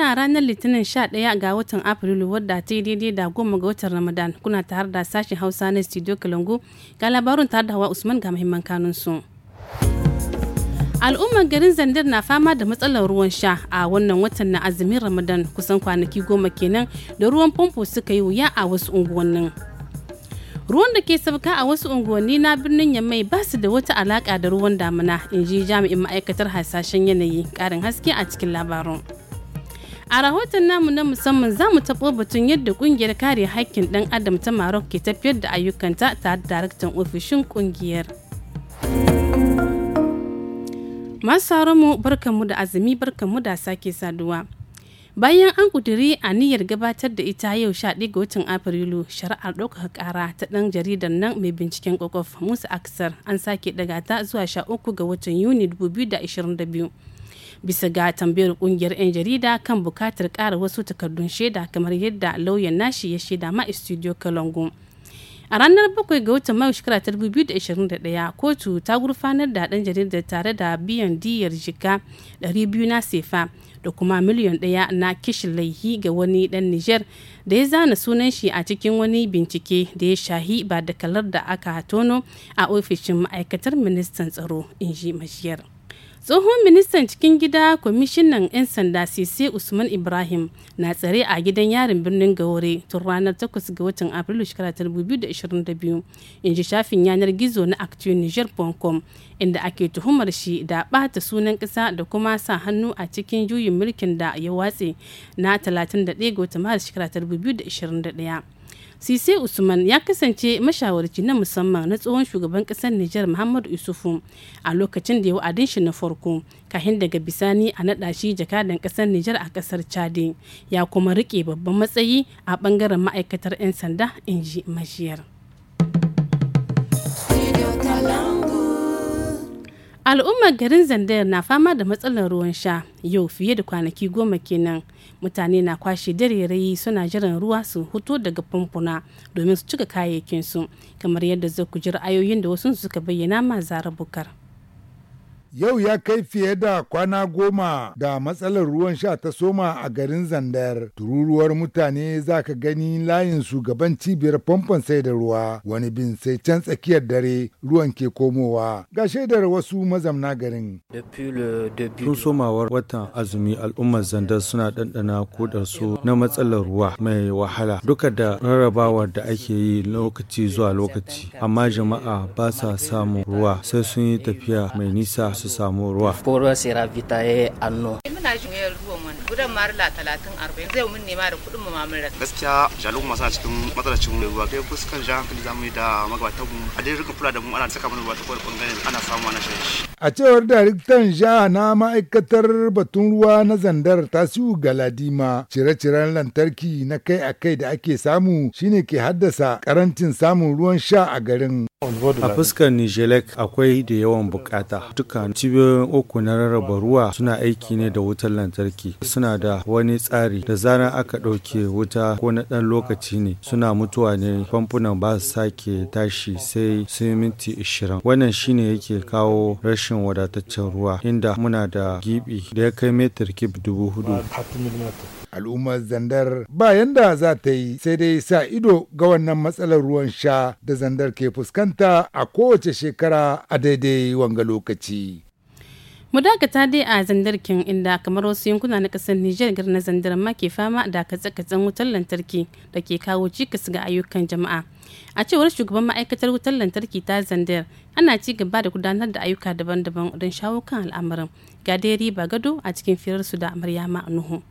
muna ranar litinin 11 ga watan afrilu wadda ta yi daidai da goma ga watan ramadan kuna tare da sashen hausa na studio kalangu ga labarun tare da hawa usman ga muhimman kanun su al'ummar garin zandar na fama da matsalar ruwan sha a wannan watan na azumin ramadan kusan kwanaki goma kenan da ruwan famfo suka yi wuya a wasu unguwannin ruwan da ke sauka a wasu unguwanni na birnin yammai ba su da wata alaka da ruwan damina in ji jami'in ma'aikatar hasashen yanayi karin haske a cikin labarin A rahoton namu na musamman za mu taɓo batun yadda ƙungiyar kare haƙƙin ɗan adam ta Maroc ke tafiyar da ayyukanta tare daraktan ofishin ƙungiyar. Masu mu barkanmu da azumi barka mu da sake saduwa. bayan an kuduri niyyar gabatar da ita yau sha ga watan afrilu shari'ar ɗaukaka ƙara ta ɗan jaridar nan mai binciken kwakwaf musa aksar an sake ɗaga ta zuwa 13 ga watan yuni 2022 bisa ga tambayar kungiyar 'yan jarida kan bukatar kara wasu takardun shaida kamar yadda lauyan nashi ya shaida ma studio kalangu a ranar 7 ga watan mayu shekara 2021 kotu ta gurfanar da ɗan jaridar tare da biyan diyar jika 200 na sefa da kuma miliyan ɗaya na kishin laihi ga wani dan Nijar da ya zana sunan shi a cikin wani bincike da ya shahi ba da kalar da aka tono a ofishin ma'aikatar ministan tsaro in ji mashiyar. tsohon ministan cikin gida kwamishinan 'yan sanda cc usman ibrahim na tsare a gidan yarin birnin gaure tun ranar 8 ga watan afrilu 2022 in ji shafin yanar gizo na actioniger.com inda ake tuhumar shi da bata sunan kasa da kuma sa hannu a cikin juyin mulkin da ya watse na 31 ga watan maris 2021 sise usman ya kasance mashawarci na musamman na tsohon shugaban kasar nijar muhammadu isufu a lokacin da ya wa'adin shi na farko kahin daga bisani a naɗa shi jakadan kasar nijar a kasar chadi ya kuma rike babban matsayi a ɓangaren ma'aikatar 'yan sanda in ji majiyar al'ummar garin zandayar na fama da matsalar ruwan sha yau fiye da kwanaki goma kenan mutane na kwashe dare suna jiran ruwa su hutu daga fumfuna domin su cika kayayyakinsu kamar yadda zai ku ji ra'ayoyin da wasu suka bayyana ma zarabukar. bukar Yau ya kai fiye da kwana goma da matsalar ruwan sha ta soma a garin Zandar. Tururuwar mutane za ka gani layin shugaban cibiyar famfon sai da ruwa wani bin sai can tsakiyar dare ruwan ke komowa. Ga shaidar wasu mazamna garin. Tun somawar watan azumi al'ummar Zandar suna ɗanɗana da su na matsalar ruwa mai wahala duka da rarrabawar da ake yi lokaci zuwa lokaci amma jama'a ba sa samun ruwa sai sun yi tafiya mai nisa su samu ruwa. Koruwa sera vita ya anno. Eh, muna shi eh, ne ruwa mana gudan marla talatin arba'in zai mun nema da kuɗin mu mamun rasa. Gaskiya jalo masu a cikin matsalacin ruwa kai fuskan jan hankali zamu yi da magabatan mu a dai rika fura da mu ana saka mana ruwa ta kowane ɓangare ana samu ana shan shi. A cewar daraktan jiha na ma'aikatar batun ruwa na zandar tasiu galadima cire-ciren lantarki na kai a kai da ake samu shine ke haddasa karancin samun ruwan sha a garin. A fuskar Nijelek akwai da yawan bukata. Duka cibiyoyin uku na rarraba ruwa suna aiki ne da wutar lantarki. Suna da wani tsari da zarar aka ɗauke wuta ko na ɗan lokaci ne suna mutuwa ne famfunan ba su sake tashi sai sai minti 20. Wannan shine yake kawo rashin rashin wadataccen ruwa inda muna da gibi da ya kai metar kib dubu hudu. Al'ummar zandar ba yanda za ta yi sai dai sa ido ga wannan matsalar ruwan sha da zandar ke fuskanta a kowace shekara a daidai wanga lokaci. mu dakata dai a zandarkin inda kamar wasu yankuna na kasar nijar gar na zandar ma ke fama da katse wutar lantarki da ke kawo cikas ga ayyukan jama'a a cewar shugaban ma'aikatar wutar lantarki ta zandar ana ci gaba da gudanar da ayyuka daban-daban don shawo kan al'amarin ga dai riba gado a cikin firarsu da maryama nuhu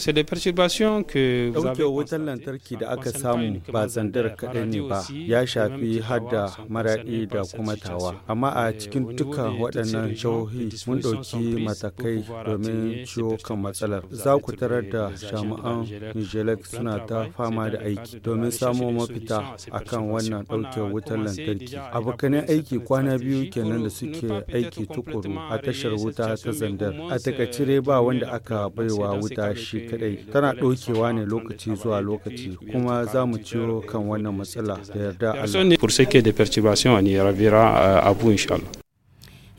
Ɗauke wutar lantarki da aka samu ba zandar kaɗai ne ba ya shafi hada maraɗi da kuma tawa. Amma a eh, cikin duka waɗannan jihohi mun ɗauki matakai domin ciwo kan matsalar. Za ku tarar da jami'an Nijelek suna ta fama da aiki domin samo mafita akan wannan ɗauke wutar lantarki. Abokanin aiki kwana biyu kenan da suke aiki tukuru a tashar wuta ta zandar. A takacire ba wanda aka baiwa wuta shi kadai tana ɗaukewa ne lokaci zuwa lokaci kuma za mu ciro kan wannan matsala da yarda Allah. Euh,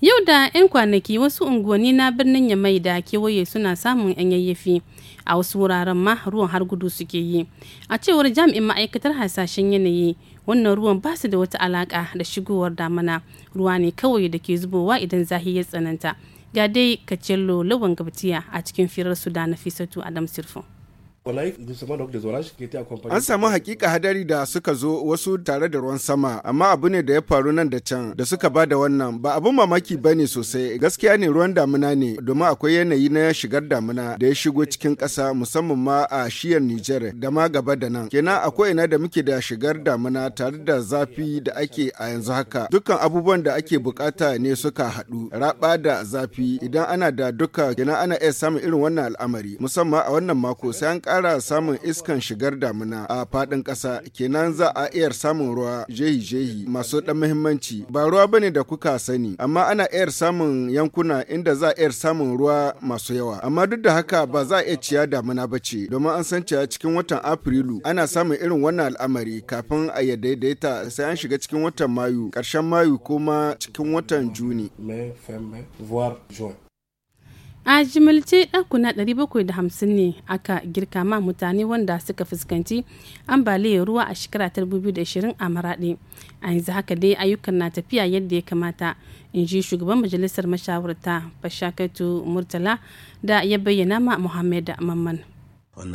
Yau da 'yan kwanaki wasu unguwanni na birnin Yamai da kewaye suna samun 'yan yayyafi a wasu wuraren ma ruwan har gudu suke yi. A cewar jami'in ma'aikatar hasashen yanayi wannan ruwan ba su da wata alaka da shigowar damana ruwa ne kawai da ke zubowa idan zahi ya tsananta. ga dai cello lawan gabatiya a cikin firar su da na fisatu adam sirfin An samu hakika hadari da suka zo wasu tare da ruwan sama, amma abu ne da ya faru nan da can da suka ba da wannan ba abun mamaki ba ne sosai gaskiya ne ruwan damuna ne domin akwai yanayi na shigar damuna da ya shigo cikin ƙasa musamman ma a shiyar Nijar da ma gaba da nan. Kenan akwai ina da muke da shigar damuna tare da zafi da ake a yanzu haka. Dukkan abubuwan da ake bukata ne suka haɗu raba da zafi idan ana da duka kenan ana iya samun irin wannan al'amari musamman a wannan mako sai an ƙara fara samun iskan shigar damuna a faɗin kasa kenan za a iya samun ruwa jehi-jehi masu ɗan muhimmanci ba ruwa bane da kuka sani amma ana iya samun yankuna inda za a iya samun ruwa masu yawa amma duk da haka ba za a iya ciya damina ba ce domin an san cewa cikin watan afrilu ana samun irin wannan al'amari kafin a ya daidaita sai an shiga cikin watan mayu karshen mayu kuma cikin watan juni. a jimilce ɗakuna 750 ne aka girka ma mutane wanda suka fuskanci ambaliyar ruwa a shekara 2020 a maraɗi a yanzu haka dai ayyukan na tafiya yadda ya kamata in ji shugaban majalisar mashawarta fashakatu murtala da ya bayyana ma muhammad mamman Mun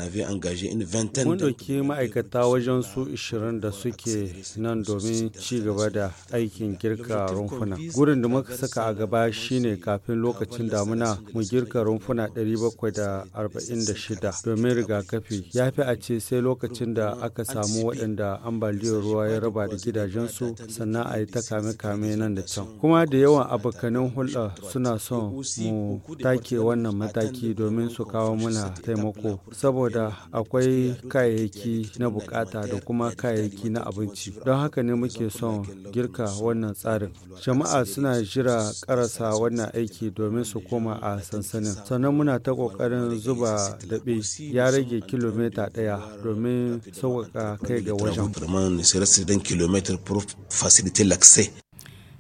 ɗauki ma'aikata wajen su 20 da suke nan domin ci gaba da aikin girka rumfuna. Gurin da muka saka a gaba shine kafin lokacin damuna mu girka rumfuna 746 domin rigakafi. Ya fi a ce sai lokacin da aka samu waɗanda ambaliyar ruwa ya raba da gidajensu sannan a yi ta kame-kame nan da can. Kuma da yawan abokanin hulɗa suna son mu take wannan mataki domin su kawo muna taimako. saboda akwai kayayyaki na bukata da kuma kayayyaki na abinci don haka ne muke son girka wannan tsarin jama'a suna jira karasa wannan aiki domin su koma a sansanin sannan muna ta kokarin zuba daɓe ya rage kilomita ɗaya domin sauƙaƙa kai ga wajen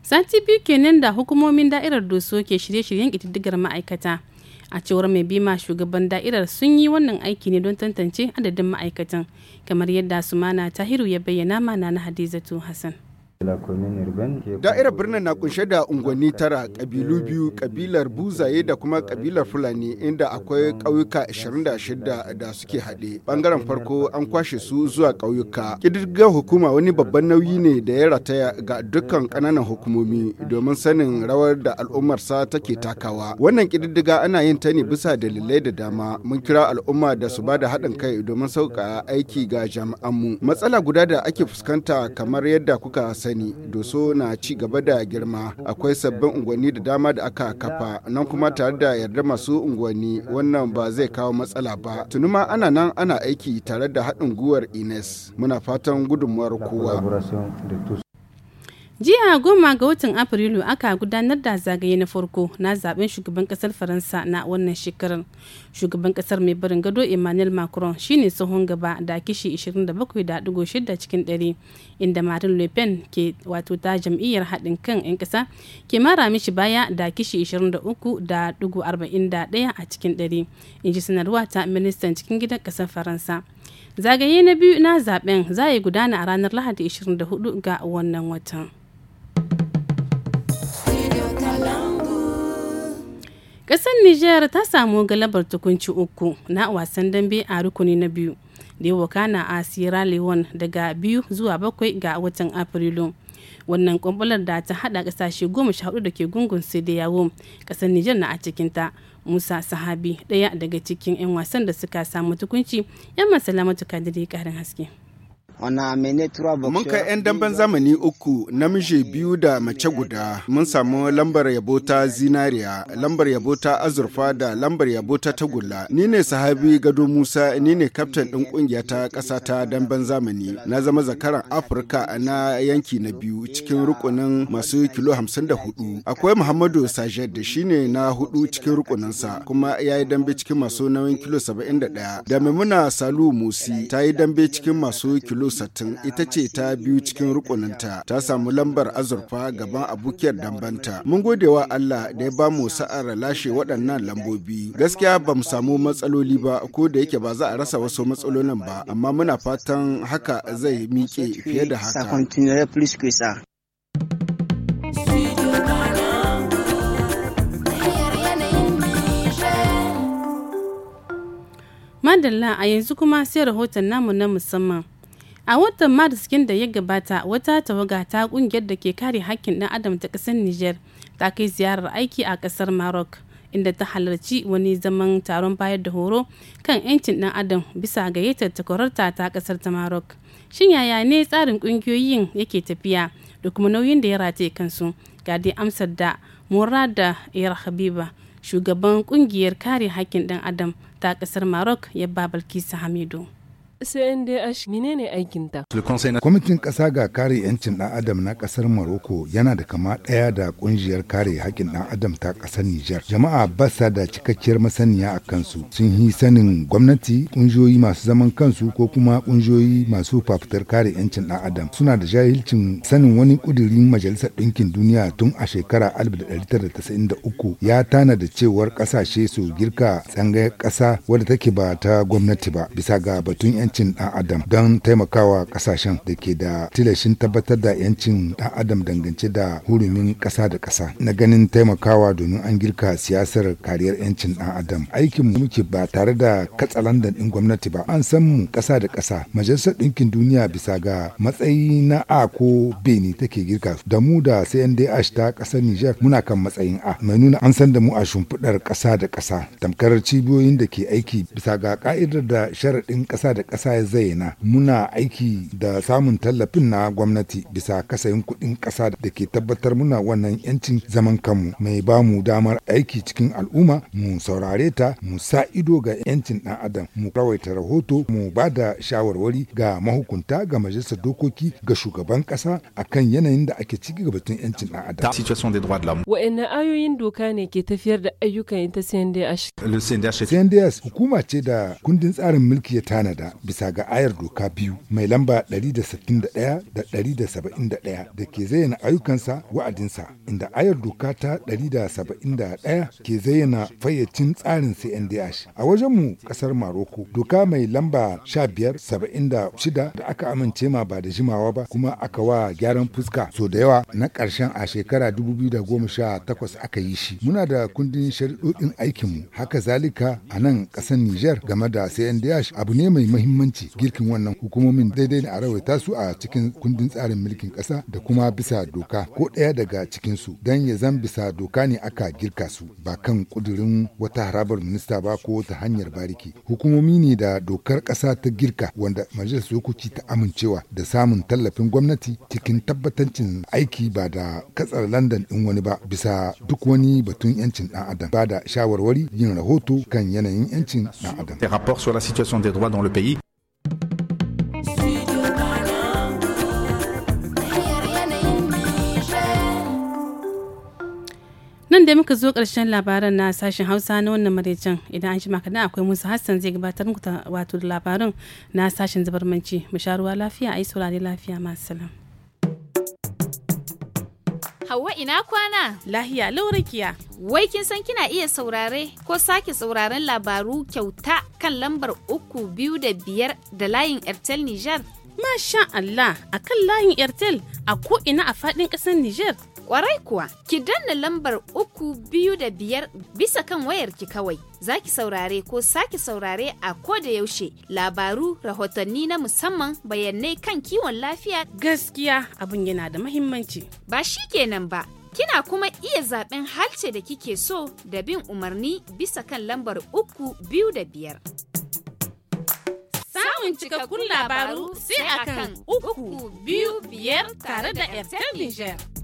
sati biyu kenan da hukumomin da'irar doso ke shirye-shiryen ƙididdigar ma'aikata a cewar mai bima shugaban da'irar sun yi wannan aiki ne don tantance adadin ma'aikatan kamar yadda sumana tahiru ya bayyana mana na hadizatu hassan Da'irar birnin na kunshe da unguwanni tara kabilu biyu kabilar buzaye da kuma kabilar fulani inda akwai ƙauyuka 26 da suke haɗe. Bangaren farko an kwashe su zuwa ƙauyuka. Ƙididdigar hukuma wani babban nauyi ne da ya rataya ga dukkan ƙananan hukumomi domin sanin rawar da al'ummarsa take takawa. Wannan ƙididdiga ana yin ta ne bisa dalilai da dama. Mun kira al'umma da su ba da haɗin kai domin sauƙa aiki ga jami'anmu. Matsala guda da ake fuskanta kamar yadda kuka sani doso na ci gaba da girma akwai sabbin unguwanni da dama da aka kafa nan kuma tare da yarda masu unguwanni wannan ba zai kawo matsala ba tuni ma ana nan ana aiki tare da haɗin guwar ines muna fatan gudunmuwar kowa jiya goma ga watan afrilu aka gudanar da zagaye na farko na zaben shugaban kasar faransa na wannan shekarar shugaban kasar mai barin gado emmanuel macron shine tsohon gaba da kishi 27.6 cikin 100 inda marine le pen ke wato ta jam'iyyar haɗin kan 'yan ƙasa ke mara mishi baya da kishi 23.41 a cikin 100 in ji sanarwa ta ministan cikin gidan kasar faransa zagaye na biyu na zaben za yi gudana a ranar lahadi 24 ga wannan watan. Ƙasar Nijar ta samu galabar tukunci uku na wasan dambe a rukuni na biyu da yawa wakana a Sierra Leone daga biyu zuwa bakwai ga watan Afrilu. Wannan kwambular da ta hada kasashe goma sha hudu da ke gungun sai da yawo ƙasar Nijar na a cikin ta Musa Sahabi ɗaya daga cikin 'yan wasan da suka samu tukunci 'yan masalamatu kadiri ƙarin haske. Mun kai 'yan damben zamani uku namiji biyu da mace guda mun samu lambar yabo ta zinariya, lambar yabo ta azurfa da lambar yabo ta tagulla. Ni ne sahabi gado Musa, ni ne kaftan ɗin ƙungiya ta ƙasa ta damben zamani. Na zama zakaran Afirka na yanki na biyu cikin rukunin masu kilo hamsin da hudu. Akwai Muhammadu Sajed da shi ne na hudu cikin rukuninsa kuma ya yi dambe cikin masu nauyin kilo saba'in da ɗaya. Da Maimuna Salu Musi ta yi dambe cikin masu kilo kilo 60 ita ce ta biyu cikin rukuninta ta samu lambar azurfa gaban abokiyar dambanta. Mun gode wa Allah da ya ba mu sa'ar lashe waɗannan lambobi. Gaskiya ba mu samu matsaloli ba ko da yake ba za a rasa wasu matsalolin ba amma muna fatan haka zai miƙe fiye da haka. Madalla a yanzu kuma sai rahoton namu na musamman. A watan Maris da ya gabata wata tawaga ta kungiyar da ke kare hakkin ɗan adam ta kasar niger ta kai ziyarar aiki a kasar Maroc inda ta halarci wani zaman taron bayar da horo kan 'yancin ɗan adam bisa gayyatar takwararta ta kasar ta Maroc. Shin yaya ne tsarin kungiyoyin yake tafiya da kuma nauyin da ya rataye kansu? Ga dai amsar da Murada Yar Habiba, shugaban kungiyar kare hakkin ɗan adam ta kasar Maroc ya babalki Hamidu. CNDH menene aikinta? Kwamitin ƙasa ga kare 'yancin ɗan adam na ƙasar Morocco yana da kama ɗaya da ƙungiyar kare haƙƙin ɗan adam ta ƙasar Nijar. Jama'a ba sa da cikakkiyar masaniya a kansu. Sun yi sanin gwamnati, ƙungiyoyi masu zaman kansu ko kuma ƙungiyoyi masu fafutar kare 'yancin ɗan adam. Suna da jahilcin sanin wani ƙudurin Majalisar Ɗinkin Duniya tun a shekara 1993 ya tanada cewar ƙasashe su girka tsangayar ƙasa wadda take ba ta gwamnati ba bisa ga batun 'yancin ɗan adam don taimakawa kasashen da ke da tilashin tabbatar da 'yancin ɗan adam dangance da hurumin kasa da kasa. na ganin taimakawa domin an girka siyasar kariyar 'yancin ɗan adam aikin mu muke ba tare da katsalandan din gwamnati ba an san mu ƙasa da kasa. majalisar ɗinkin duniya bisa ga matsayi na a ko b ne take girka da mu da cndh ta ƙasar niger muna kan matsayin a mai nuna an san da mu a shimfiɗar kasa da kasa. tamkar cibiyoyin da ke aiki bisa ga ka'idar da sharaɗin kasa da ƙasa kasa ya zayyana muna aiki da samun tallafin na gwamnati bisa kasayin kuɗin ƙasa da ke tabbatar muna wannan yancin zaman kanmu mai ba mu damar aiki cikin al'umma mu saurare ta mu sa ido ga yancin ɗan adam mu rawaita rahoto mu ba da shawarwari ga mahukunta ga majalisar dokoki ga shugaban ƙasa akan yanayin da ake ciki ga batun yancin ɗan adam. Wa'anne ayoyin doka ne ke tafiyar da ayyukan ta ita CNDH? CNDH hukuma ce da kundin tsarin mulki ya tanada bisa ga ayar doka biyu mai lamba 161 da 171 da ke zayyana ayyukansa wa'adinsa inda ayar doka ta 171 ke zayyana fayyacin tsarin CNDH. A wajenmu kasar Maroko doka mai lamba 1576 da aka amince ma ba da jimawa ba kuma aka wa gyaran fuska so da yawa na ƙarshen a shekara 2018 aka yi shi. Muna da kundin shari'o'in aikinmu haka zalika a nan ƙasar Nijar game da CNDH abu ne mai muhimmanci. muhimmanci girkin wannan hukumomin daidai da a rawaita su a cikin kundin tsarin mulkin ƙasa da kuma bisa doka ko daya daga cikin su don ya zan bisa doka ne aka girka su ba kan ƙudurin wata harabar minista ba ko ta hanyar bariki hukumomi ne da dokar ƙasa ta girka wanda majalisar dokoki ta amincewa da samun tallafin gwamnati cikin tabbatancin aiki ba da katsar landan ɗin wani ba bisa duk wani batun yancin ɗan adam ba da shawarwari yin rahoto kan yanayin yancin ɗan adam. Des rapports sur la situation des droits dans le pays. da muka zo ƙarshen labaran na sashen hausa na wannan maraicen idan an jima kadan akwai musu hassan zai gabatar muku wato labarin na sashen zabarmanci mu lafiya a yi saurare lafiya masu salam Hauwa ina kwana? Lahiya laurakiya. Wai kin san kina iya saurare ko sake sauraren labaru kyauta kan lambar uku biyu da biyar da layin Airtel Niger? Masha Allah a kan layin Airtel a ko ina a faɗin ƙasar Niger. Kwarai kuwa, ki danna lambar uku biyu da biyar bisa kan wayarki kawai. zaki saurare ko sake saurare a ko da yaushe labaru, rahotanni na musamman bayanai kan kiwon lafiya. Gaskiya abin yana da mahimmanci. Ba shi kenan ba. Kina kuma iya zaben halce da kike so da bin umarni bisa kan lambar uku biyu da biyar. samun cikakkun labaru sai akan uku biyu biyar tare da Airtel Niger.